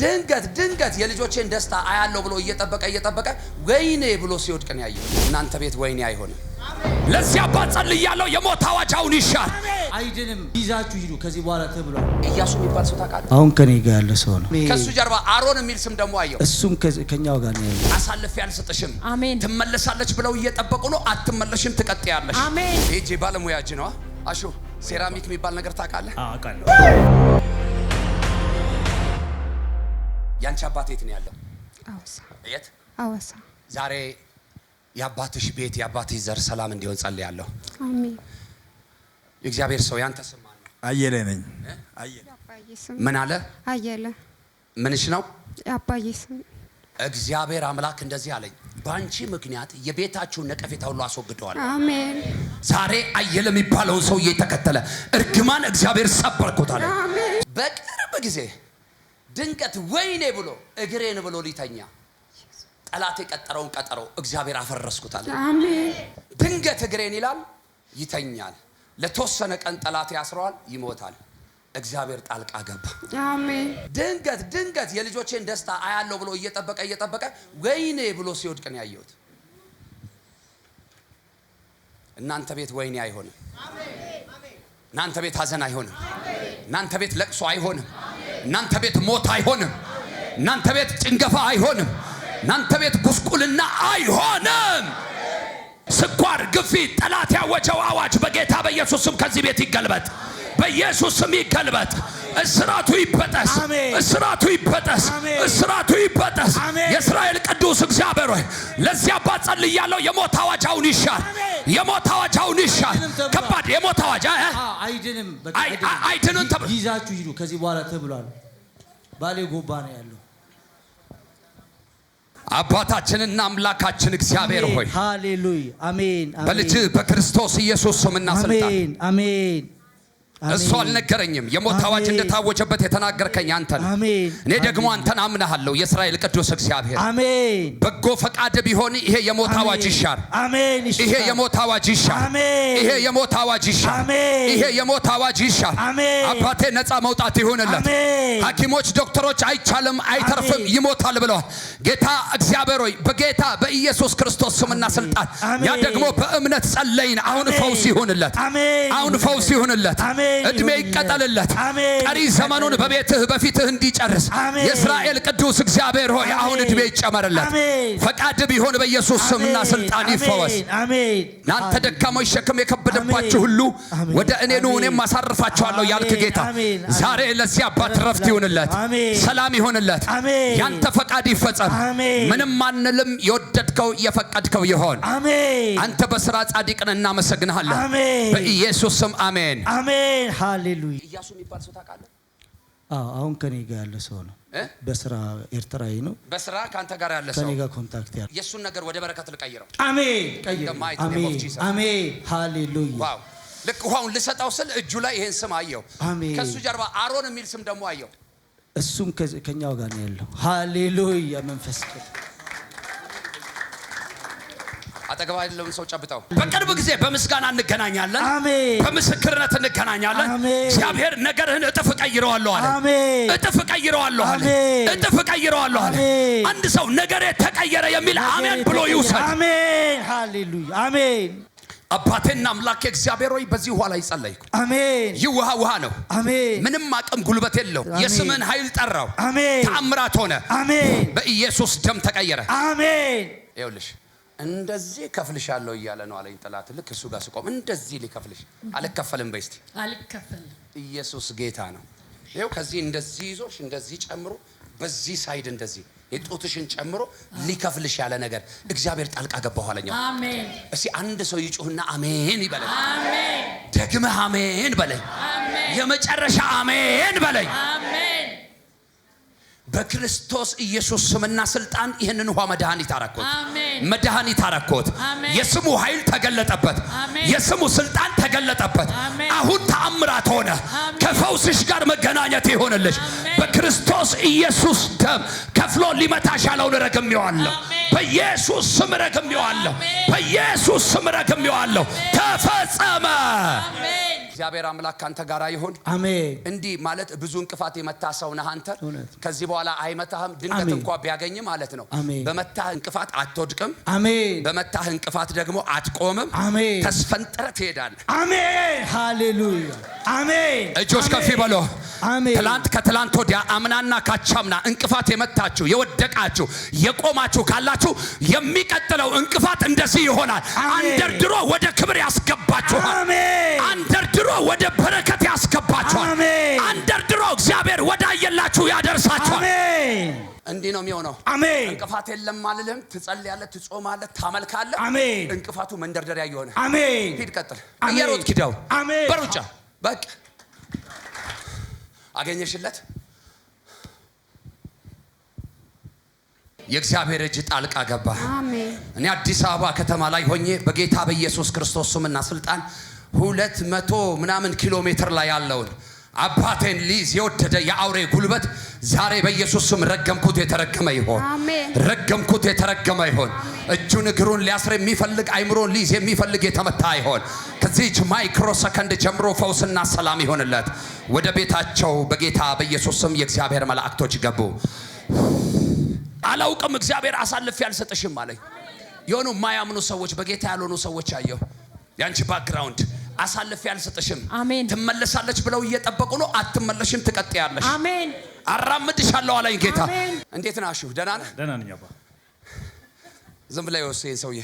ድንገት ድንገት የልጆቼን ደስታ አያለው ብሎ እየጠበቀ እየጠበቀ ወይኔ ብሎ ሲወድቅ ነው ያየው። እናንተ ቤት ወይኔ አይሆንም። ለዚህ አባት ጸልያለሁ። የሞት አዋጃውን ይሻል አይድንም ይዛችሁ ሂዱ ከዚህ በኋላ ተብሏል። እያሱ የሚባል ሰው ታውቃለህ? አሁን ከኔ ጋር ያለ ሰው ነው። ከእሱ ጀርባ አሮን የሚል ስም ደግሞ አየሁ። እሱም ከኛው ጋር ነው አሳልፌ አልሰጥሽም። አሜን። ትመለሳለች ብለው እየጠበቁ ነው። አትመለሽም፣ ትቀጥያለሽ። አሜን። ይሄ ባለሙያ እጅ ነዋ። አሹ ሴራሚክ የሚባል ነገር ታውቃለህ? አውቃለሁ። ያንቺ አባት የት ነው ያለው? አዋሳ። የት? አዋሳ። ዛሬ የአባትሽ ቤት የአባትሽ ዘር ሰላም እንዲሆን ጸልያለሁ። አሜን። የእግዚአብሔር ሰው ያንተ ስም ማን ነው? አየለ ነኝ። ምን አለ? አየለ ምንሽ ነው? አባዬ ስም። እግዚአብሔር አምላክ እንደዚህ አለኝ፣ በአንቺ ምክንያት የቤታችሁን ነቀፌታ ሁሉ አስወግደዋል። አሜን። ዛሬ አየለ የሚባለውን ሰውዬ ተከተለ እርግማን እግዚአብሔር ሰበርኩታል። በቅርብ ጊዜ ድንገት ወይኔ ብሎ እግሬን ብሎ ሊተኛ ጠላት የቀጠረውን ቀጠሮ እግዚአብሔር አፈረስኩታል። ድንገት እግሬን ይላል ይተኛል። ለተወሰነ ቀን ጠላት ያስረዋል፣ ይሞታል። እግዚአብሔር ጣልቃ ገባ። ድንገት ድንገት የልጆቼን ደስታ አያለው ብሎ እየጠበቀ እየጠበቀ ወይኔ ብሎ ሲወድቅ ነው ያየሁት። እናንተ ቤት ወይኔ አይሆንም። እናንተ ቤት ሀዘን አይሆንም። እናንተ ቤት ለቅሶ አይሆንም። እናንተ ቤት ሞት አይሆንም። እናንተ ቤት ጭንገፋ አይሆንም። እናንተ ቤት ጉስቁልና አይሆንም። ስኳር፣ ግፊት፣ ጠላት ያወጀው አዋጅ በጌታ በኢየሱስ ስም ከዚህ ቤት ይገልበጥ፣ በኢየሱስ ስም ይገልበጥ። እስራቱ ይበጠስ፣ እስራቱ ይበጠስ፣ እስራቱ ይበጠስ። የእስራኤል ቅዱስ እግዚአብሔር ሆይ ለዚህ አባት ጸልያለሁ። የሞት አዋጃውን ይሻር፣ የሞት አዋጃውን ይሻር። ከባድ የሞት አዋጃ አይድንም፣ ተብሎ ይዛችሁ ሂዱ ከዚህ በኋላ ተብሏል። ባሌ ጎባ ነው ያለው። አባታችንና አምላካችን እግዚአብሔር ሆይ ሃሌሉያ፣ አሜን። በልጅ በክርስቶስ ኢየሱስ ስምና ስልጣን አሜን። እሱ አልነገረኝም። የሞት አዋጅ እንደታወጀበት የተናገርከኝ አንተ ነህ። እኔ ደግሞ አንተን አምናሃለሁ። የእስራኤል ቅዱስ እግዚአብሔር በጎ ፈቃድ ቢሆን ይሄ የሞት አዋጅ ይሻር፣ ይሄ የሞት አዋጅ ይሻር፣ ይሄ የሞት አዋጅ ይሻር፣ ይሄ የሞት አዋጅ ይሻር። አባቴ ነፃ መውጣት ይሁንለት። ሐኪሞች ዶክተሮች አይቻልም፣ አይተርፍም፣ ይሞታል ብለዋል። ጌታ እግዚአብሔር ሆይ በጌታ በኢየሱስ ክርስቶስ ስምና ስልጣን ያ ደግሞ በእምነት ጸለይን። አሁን ፈውስ ይሁንለት፣ አሁን ፈውስ ይሁንለት። እድሜ ይቀጠልለት፣ ቀሪ ዘመኑን በቤትህ በፊትህ እንዲጨርስ የእስራኤል ቅዱስ እግዚአብሔር ሆይ አሁን እድሜ ይጨመርለት። ፈቃድ ቢሆን በኢየሱስ ስምና ስልጣን ይፈወስ። እናንተ ደካሞች ሸክም የከበደባችሁ ሁሉ ወደ እኔ ኑ እኔም አሳርፋችኋለሁ ያልክ ጌታ ዛሬ ለዚህ አባት ረፍት ይሁንለት፣ ሰላም ይሁንለት፣ ያንተ ፈቃድ ይፈጸም። ምንም አንልም፣ የወደድከው የፈቀድከው ይሆን። አንተ በስራ ጻድቅ ነህ፣ እናመሰግንሃለን። በኢየሱስ ስም አሜን። አሜን፣ ሃሌሉያ። የሚባል ሰው ታውቃለህ? አሁን ከኔ ጋር ያለ ሰው ነው። በስራ ኤርትራዊ ነው። በስራ ከአንተ ጋር ያለ ሰው ከኔ ጋር ኮንታክት ያለ የእሱን ነገር ወደ በረከት ልቀይረው። አሜን፣ አሜን፣ ሃሌሉያ። ልክ ውሃውን ልሰጠው ስል እጁ ላይ ይሄን ስም አየው። ከእሱ ጀርባ አሮን የሚል ስም ደግሞ አየው። እሱም ከኛው ጋር ነው ያለው። ሃሌሉያ መንፈስ አጠገባ ያለውን ሰው ጨብጠው። በቅርብ ጊዜ በምስጋና እንገናኛለን፣ በምስክርነት እንገናኛለን። እግዚአብሔር ነገርህን እጥፍ ቀይረዋለሁ አለ። እጥፍ ቀይረዋለሁ አለ። እጥፍ ቀይረዋለሁ አለ። አንድ ሰው ነገሬ ተቀየረ የሚል አሜን ብሎ ይውሰድ። አሜን፣ ሃሌሉያ፣ አሜን። አባቴና አምላኬ እግዚአብሔር ሆይ በዚህ ውሃ ላይ ጸለይኩ። አሜን። ይህ ውሃ ውሃ ነው። አሜን። ምንም አቅም ጉልበት የለው። የስምን ኃይል ጠራው። አሜን። ተአምራት ሆነ። አሜን። በኢየሱስ ደም ተቀየረ። አሜን። ይኸውልሽ እንደዚህ ከፍልሻለሁ እያለ ነው አለኝ ጠላት። ልክ እሱ ጋር ስቆም እንደዚህ ሊከፍልሽ አልከፈልም በይ እስቲ አልከፈልም። ኢየሱስ ጌታ ነው። ይኸው ከዚህ እንደዚህ ይዞሽ እንደዚህ ጨምሮ በዚህ ሳይድ እንደዚህ የጡትሽን ጨምሮ ሊከፍልሽ ያለ ነገር እግዚአብሔር ጣልቃ ገባ ኋለኛ። አሜን። እስቲ አንድ ሰው ይጩህና አሜን ይበለኝ። አሜን። ደግመህ አሜን በለኝ። የመጨረሻ አሜን በለኝ። አሜን በክርስቶስ ኢየሱስ ስምና ስልጣን ይህንን ውሃ መድኃኒት አረኮት፣ መድኃኒት አረኮት። የስሙ ኃይል ተገለጠበት፣ የስሙ ስልጣን ተገለጠበት። አሁን ተአምራት ሆነ። ከፈውስሽ ጋር መገናኘት ይሆንልሽ። በክርስቶስ ኢየሱስ ደም ከፍሎ ሊመታሽ ያለውን ረግሜዋለሁ። በኢየሱስ ስም ረግሜዋለሁ። በኢየሱስ ስም ረግሜዋለሁ። ተፈጸመ። እግዚአብሔር አምላክ ካንተ ጋር ይሁን። አሜን። እንዲህ ማለት ብዙ እንቅፋት የመታ ሰው ነህ አንተ። ከዚህ በኋላ አይመታህም። ድንገት እንኳ ቢያገኝ ማለት ነው። በመታህ እንቅፋት አትወድቅም። አሜን። በመታህ እንቅፋት ደግሞ አትቆምም። አሜን። ተስፈንጥረ ትሄዳለህ። አሜን። ሃሌሉያ። አሜን። እጆች ከፊ በሎ አሜን። ትላንት ከትላንት ወዲያ አምናና ካቻምና እንቅፋት የመታችሁ የወደቃችሁ የቆማችሁ ካላችሁ የሚቀጥለው እንቅፋት እንደዚህ ይሆናል። አንደርድሮ ወደ ክብር ያስገባችኋል። አንደርድሮ አንደርድሮ ወደ በረከት ያስገባቸዋል። አንደርድሮ እግዚአብሔር ወዳየላችሁ ያደርሳቸዋል። እንዲህ ነው የሚሆነው። አሜን። እንቅፋት የለም አልልም። ትጸልያለህ፣ ትጾማለህ፣ ታመልካለህ። አሜን። እንቅፋቱ መንደርደሪያ የሆነ አሜን። ሂድ፣ ቀጥል። እየሮጥ ኪደው አሜን። በሩጫ በቃ አገኘሽለት። የእግዚአብሔር እጅ ጣልቃ ገባ። እኔ አዲስ አበባ ከተማ ላይ ሆኜ በጌታ በኢየሱስ ክርስቶስ ስምና ስልጣን ሁለት መቶ ምናምን ኪሎ ሜትር ላይ ያለውን አባቴን ሊዝ የወደደ የአውሬ ጉልበት ዛሬ በኢየሱስ ስም ረገምኩት፣ የተረገመ ይሆን። ረገምኩት፣ የተረገመ ይሆን። እጁን እግሩን ሊያስር የሚፈልግ አይምሮን ሊይዝ የሚፈልግ የተመታ ይሆን። ከዚች ማይክሮ ሰከንድ ጀምሮ ፈውስና ሰላም ይሆንለት። ወደ ቤታቸው በጌታ በኢየሱስ ስም የእግዚአብሔር መላእክቶች ገቡ። አላውቅም፣ እግዚአብሔር አሳልፌ አልሰጥሽም አለኝ። የሆኑ የማያምኑ ሰዎች፣ በጌታ ያልሆኑ ሰዎች አየሁ። የአንቺ ባክግራውንድ አሳልፌ አልሰጥሽም። ትመለሳለች ብለው እየጠበቁ ነው። አትመለሽም፣ ትቀጥያለሽ። አሜን። አራምድሻለሁ አለኝ ጌታ። እንዴት ናችሁ? ደህና ነህ? ደህና ነኝ አባ። ዝም ብላ ይወስ ይህን ሰውዬ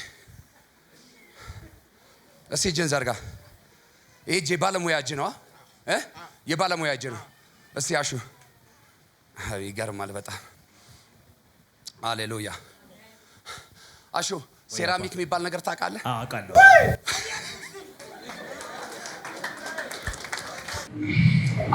እስቲ እጅን ዘርጋ። ይህ እጅ የባለሙያ እጅ ነዋ፣ የባለሙያ እጅ ነው። እስቲ አሹ፣ ይገርማል በጣም አሌሉያ። አሹ ሴራሚክ የሚባል ነገር ታውቃለህ? አውቃለሁ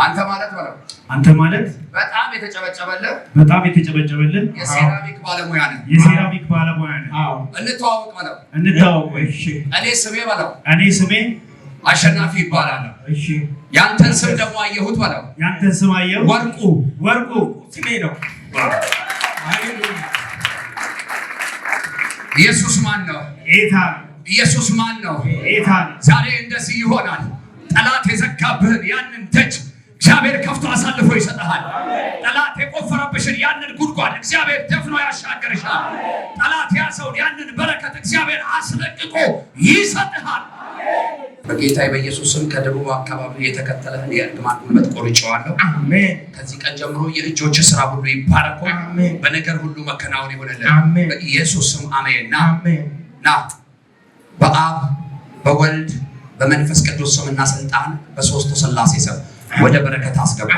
አንተ ማለት በለው አንተ ማለት በጣም የተጨበጨበልን በጣም የተጨበጨበልን የሴራሚክ ባለሙያ ነህ የሴራሚክ ባለሙያ ነህ። አዎ እንተዋወቅ በለው እንተዋወቅ። እሺ እኔ ስሜ በለው እኔ ስሜ አሸናፊ ይባላል። እሺ ያንተን ስም ደግሞ አየሁት በለው ያንተን ስም አየሁት። ወርቁ ወርቁ ስሜ ነው። ኢየሱስ ማን ነው? ኢየሱስ ማን ነው? ዛሬ እንደዚህ ይሆናል። ጠላት የዘጋብህን ያንን ደጅ እግዚአብሔር ከፍቶ አሳልፎ ይሰጠሃል። ጠላት የቆፈረብሽን ያንን ጉድጓድ እግዚአብሔር ደፍኖ ያሻገርሻል። ጠላት ያሰውን ያንን በረከት እግዚአብሔር አስለቅቆ ይሰጥሃል። በጌታ በኢየሱስ ስም ከደቡብ አካባቢ የተከተለህን የእርግማን ጉልበት ቆርጬዋለሁ። ከዚህ ቀን ጀምሮ የእጆች ስራ ሁሉ ይባረኩ፣ በነገር ሁሉ መከናወን ይሆንልን። በኢየሱስ ስም አሜን። ና ና በአብ በወልድ በመንፈስ ቅዱስ ስምና ስልጣን በሶስቱ ስላሴ ስም ወደ በረከት አስገባ።